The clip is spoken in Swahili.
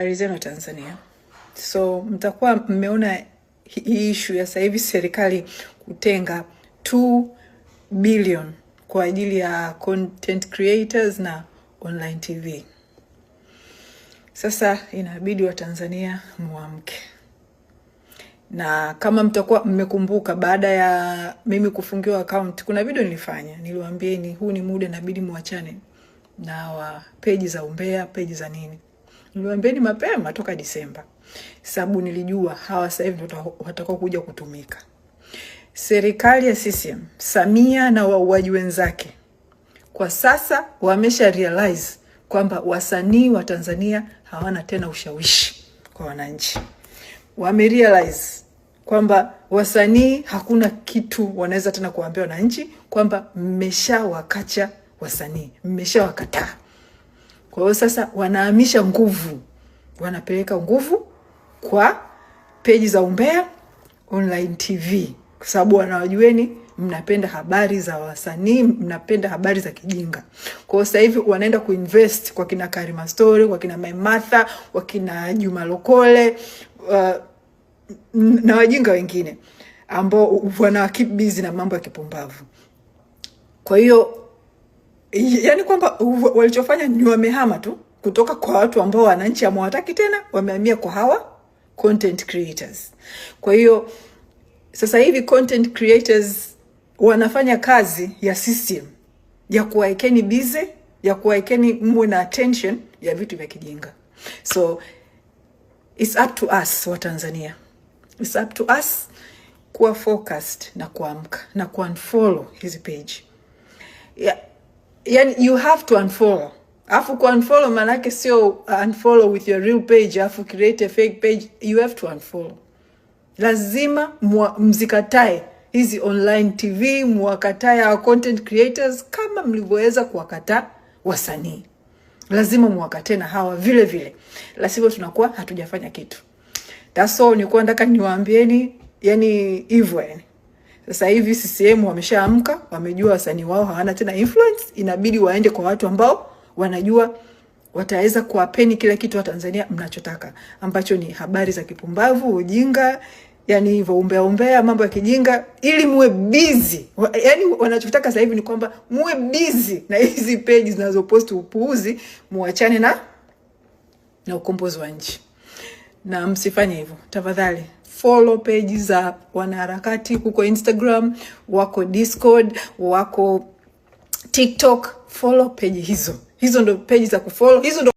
Habari zenu Tanzania. So mtakuwa mmeona hii ishu ya sasa serikali kutenga 2 billion kwa ajili ya content creators na online TV. Sasa inabidi Watanzania muamke, na kama mtakuwa mmekumbuka, baada ya mimi kufungiwa account, kuna video nilifanya, niliwaambieni huu ni muda inabidi muachane na wa peji za umbea, peji za nini niliwaambieni mapema toka Disemba, sababu nilijua hawa sasa hivi watakao kuja kutumika. Serikali ya CCM, Samia na wauaji wenzake kwa sasa wamesha realize kwamba wasanii wa Tanzania hawana tena ushawishi kwa wananchi. Wame realize kwamba wasanii hakuna kitu wanaweza tena kuambia wananchi kwamba mmeshawakacha wasanii, mmeshawakataa. Kwa hiyo sasa wanahamisha nguvu, wanapeleka nguvu kwa peji za Umbea Online TV kwa sababu wanawajueni mnapenda habari za wasanii, mnapenda habari za kijinga. Kwa hiyo sasa hivi wanaenda kuinvest kwa kina Karima Story, kwa kina Maimatha, kwa kina Juma Lokole uh, na wajinga wengine ambao wana keep busy na mambo ya kipumbavu. Kwa hiyo yani kwamba walichofanya ni wamehama tu kutoka kwa watu ambao wananchi amewataki tena, wamehamia kwa hawa content creators. Kwa hiyo sasa hivi content creators wanafanya kazi ya system ya kuwaekeni bize ya kuwaekeni mwe na attention ya vitu vya kijinga. So it's up to us wa Tanzania, it's up to us kuwa focused na kuamka na kuunfollow hizi page yeah yani you have to unfollow. Alafu ku unfollow manake sio unfollow with your real page, alafu create a fake page, you have to unfollow. Lazima mwa, mzikatae hizi online TV, mwakatae our content creators kama mlivyoweza kuwakataa wasanii. Lazima muwakatae na hawa vile vile, la sivyo tunakuwa hatujafanya kitu. That's all nilikuwa nataka niwaambieni, yani hivyo yani. Sasa hivi CCM wameshaamka, wamejua wasanii wao hawana tena influence, inabidi waende kwa watu ambao wanajua wataweza kuwapeni kila kitu wa Tanzania mnachotaka ambacho ni habari za kipumbavu, ujinga, yani hivyo umbea umbea, mambo ya kijinga, ili muwe busy. Yani wanachotaka sasa hivi ni kwamba muwe busy na hizi peji zinazoposti upuuzi, muachane na na ukombozi wa nchi na msifanye hivyo tafadhali. Follow page za wanaharakati huko Instagram, wako Discord, wako TikTok. Follow page hizo, hizo ndo page za kufollow, hizo ndo